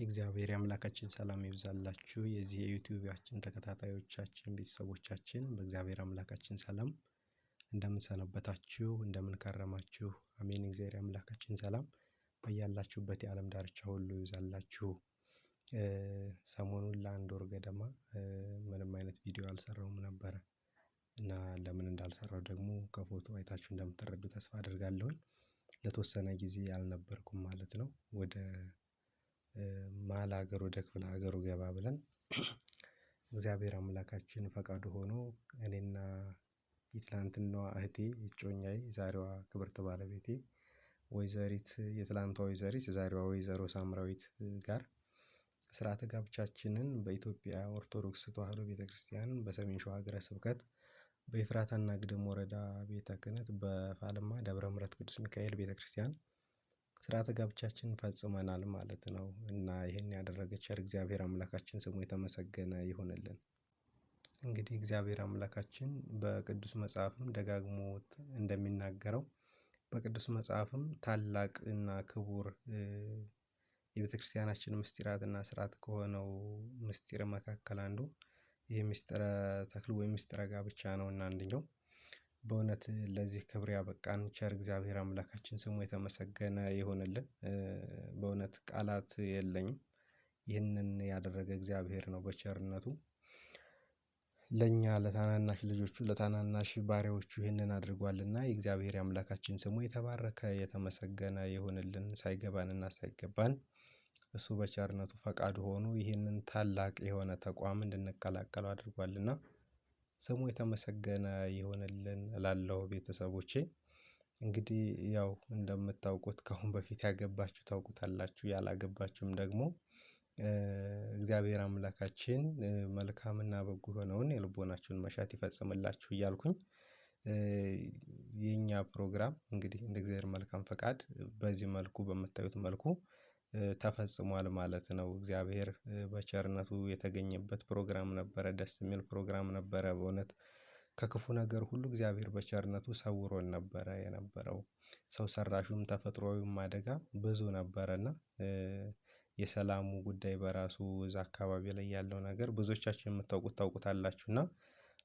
የእግዚአብሔር አምላካችን ሰላም ይብዛላችሁ የዚህ የዩቲዩባችን ተከታታዮቻችን ቤተሰቦቻችን በእግዚአብሔር አምላካችን ሰላም እንደምንሰነበታችሁ እንደምንከረማችሁ አሜን። እግዚአብሔር አምላካችን ሰላም በያላችሁበት የዓለም ዳርቻ ሁሉ ይብዛላችሁ። ሰሞኑን ለአንድ ወር ገደማ ምንም አይነት ቪዲዮ አልሰራውም ነበረ እና ለምን እንዳልሰራው ደግሞ ከፎቶ አይታችሁ እንደምትረዱ ተስፋ አድርጋለሁኝ። ለተወሰነ ጊዜ አልነበርኩም ማለት ነው ወደ መሃል ሀገር ወደ ክፍለ ሀገሩ ገባ ብለን እግዚአብሔር አምላካችን ፈቃዱ ሆኖ እኔና የትላንትናዋ እህቴ እጮኛዬ የዛሬዋ ክብርት ባለቤቴ ወይዘሪት የትላንቷ ወይዘሪት የዛሬዋ ወይዘሮ ሳምራዊት ጋር ስርዓተ ጋብቻችንን በኢትዮጵያ ኦርቶዶክስ ተዋህዶ ቤተክርስቲያን በሰሜን ሸዋ ሀገረ ስብከት በኤፍራታና ግድም ወረዳ ቤተ ክህነት በፋልማ ደብረ ምሕረት ቅዱስ ሚካኤል ቤተክርስቲያን ስርዓተ ጋብቻችንን ፈጽመናል ማለት ነው። እና ይህን ያደረገች ቸር እግዚአብሔር አምላካችን ስሙ የተመሰገነ ይሁንልን። እንግዲህ እግዚአብሔር አምላካችን በቅዱስ መጽሐፍም ደጋግሞት እንደሚናገረው በቅዱስ መጽሐፍም ታላቅ እና ክቡር የቤተክርስቲያናችን ምስጢራት እና ስርዓት ከሆነው ምስጢር መካከል አንዱ ይህ ምስጢረ ተክል ወይም ምስጢረ ጋብቻ ነውና አንደኛው በእውነት ለዚህ ክብር ያበቃን ቸር እግዚአብሔር አምላካችን ስሙ የተመሰገነ ይሁንልን። በእውነት ቃላት የለኝም። ይህንን ያደረገ እግዚአብሔር ነው በቸርነቱ ለእኛ ለታናናሽ ልጆቹ ለታናናሽ ባሪያዎቹ ይህንን አድርጓልና የእግዚአብሔር አምላካችን ስሙ የተባረከ የተመሰገነ ይሁንልን። ሳይገባንና ሳይገባን እሱ በቸርነቱ ፈቃዱ ሆኖ ይህንን ታላቅ የሆነ ተቋም እንድንቀላቀለው አድርጓልና ስሙ የተመሰገነ ይሆንልን እላለሁ ቤተሰቦቼ እንግዲህ ያው እንደምታውቁት ከአሁን በፊት ያገባችሁ ታውቁታላችሁ ያላገባችሁም ደግሞ እግዚአብሔር አምላካችን መልካምና በጎ የሆነውን የልቦናችሁን መሻት ይፈጽምላችሁ እያልኩኝ የኛ ፕሮግራም እንግዲህ እንደ እግዚአብሔር መልካም ፈቃድ በዚህ መልኩ በምታዩት መልኩ ተፈጽሟል ማለት ነው። እግዚአብሔር በቸርነቱ የተገኘበት ፕሮግራም ነበረ ደስ የሚል ፕሮግራም ነበረ በእውነት ከክፉ ነገር ሁሉ እግዚአብሔር በቸርነቱ ሰውሮን ነበረ የነበረው ሰው ሰራሹም ተፈጥሮዊም አደጋ ብዙ ነበረና። የሰላሙ ጉዳይ በራሱ እዛ አካባቢ ላይ ያለው ነገር ብዙዎቻችሁ የምታውቁት ታውቁታላችሁ እና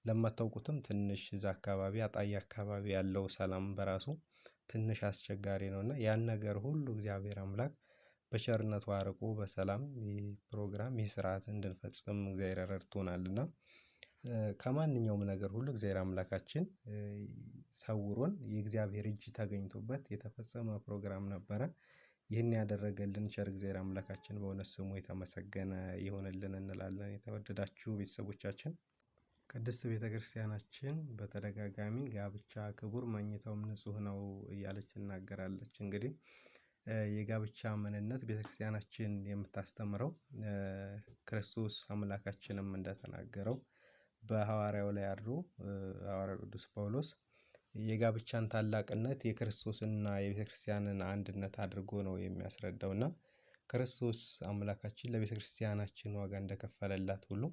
ለማታውቁትም ትንሽ እዛ አካባቢ አጣዬ አካባቢ ያለው ሰላም በራሱ ትንሽ አስቸጋሪ ነው። እና ያን ነገር ሁሉ እግዚአብሔር አምላክ በቸርነቱ አርቆ በሰላም ፕሮግራም ይህ ስርዓት እንድንፈጽም እግዚአብሔር ረድቶናልና። ከማንኛውም ነገር ሁሉ እግዚአብሔር አምላካችን ሰውሮን የእግዚአብሔር እጅ ተገኝቶበት የተፈጸመ ፕሮግራም ነበረ። ይህን ያደረገልን ቸር እግዚአብሔር አምላካችን በእውነት ስሙ የተመሰገነ ይሁንልን እንላለን። የተወደዳችሁ ቤተሰቦቻችን ቅድስት ቤተክርስቲያናችን በተደጋጋሚ ጋብቻ ክቡር መኝታውም ንጹህ ነው እያለች ትናገራለች። እንግዲህ የጋብቻ ምንነት ቤተክርስቲያናችን የምታስተምረው ክርስቶስ አምላካችንም እንደተናገረው በሐዋርያው ላይ አድሮ ሐዋርያው ቅዱስ ጳውሎስ የጋብቻን ታላቅነት የክርስቶስንና የቤተክርስቲያንን አንድነት አድርጎ ነው የሚያስረዳው እና ክርስቶስ አምላካችን ለቤተክርስቲያናችን ዋጋ እንደከፈለላት ሁሉ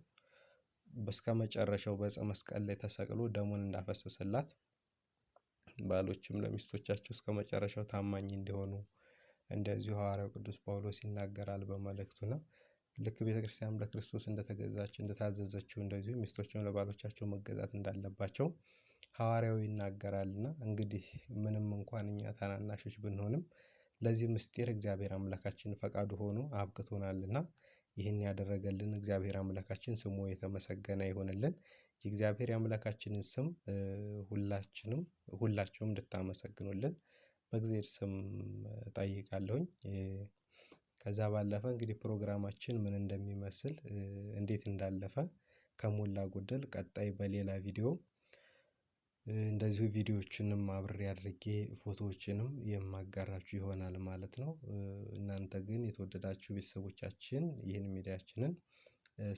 እስከ መጨረሻው በዕፀ መስቀል ላይ ተሰቅሎ ደሙን እንዳፈሰሰላት ባሎችም ለሚስቶቻቸው እስከ መጨረሻው ታማኝ እንዲሆኑ እንደዚሁ ሐዋርያው ቅዱስ ጳውሎስ ይናገራል ነው። ልክ ቤተክርስቲያን ለክርስቶስ እንደተገዛች እንደታዘዘችው እንደዚሁ ሚስቶችም ለባሎቻቸው መገዛት እንዳለባቸው ሐዋርያው ይናገራልና እንግዲህ ምንም እንኳን እኛ ታናናሾች ብንሆንም ለዚህ ምስጢር እግዚአብሔር አምላካችን ፈቃዱ ሆኖ አብቅቶናልና ይህን ያደረገልን እግዚአብሔር አምላካችን ስሙ የተመሰገነ ይሆንልን። የእግዚአብሔር አምላካችንን ስም ሁላችንም ሁላችሁም እንድታመሰግኑልን በእግዚአብሔር ስም ጠይቃለሁኝ። ከዛ ባለፈ እንግዲህ ፕሮግራማችን ምን እንደሚመስል እንዴት እንዳለፈ ከሞላ ጎደል ቀጣይ በሌላ ቪዲዮ እንደዚሁ ቪዲዮዎችንም አብሬ አድርጌ ፎቶዎችንም የማጋራችሁ ይሆናል ማለት ነው። እናንተ ግን የተወደዳችሁ ቤተሰቦቻችን ይህን ሚዲያችንን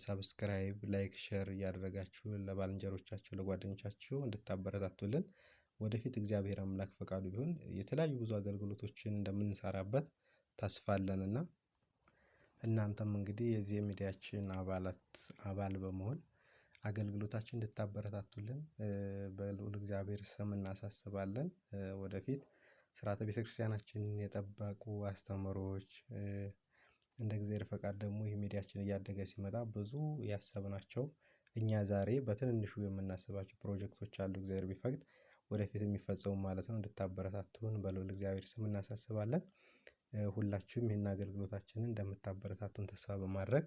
ሰብስክራይብ ላይክ ሸር እያደረጋችሁ ለባልንጀሮቻችሁ ለጓደኞቻችሁ እንድታበረታቱልን ወደፊት እግዚአብሔር አምላክ ፈቃዱ ቢሆን የተለያዩ ብዙ አገልግሎቶችን እንደምንሰራበት ተስፋ እናንተም እንግዲህ የዚህ ሚዲያችን አባላት አባል በመሆን አገልግሎታችን እንድታበረታቱልን በልዑል እግዚአብሔር ስም እናሳስባለን። ወደፊት ስርዓተ ቤተክርስቲያናችንን የጠበቁ አስተምሮች እንደ እግዚአብሔር ፈቃድ ደግሞ ይህ ሚዲያችን እያደገ ሲመጣ ብዙ ያሰብናቸው እኛ ዛሬ በትንንሹ የምናስባቸው ፕሮጀክቶች አሉ እግዚአብሔር ቢፈቅድ ወደፊት የሚፈጸሙ ማለት ነው እንድታበረታቱን በልዑል እግዚአብሔር ስም እናሳስባለን። ሁላችሁም ይህን አገልግሎታችንን እንደምታበረታቱን ተስፋ በማድረግ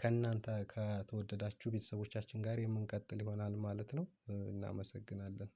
ከእናንተ ከተወደዳችሁ ቤተሰቦቻችን ጋር የምንቀጥል ይሆናል ማለት ነው። እናመሰግናለን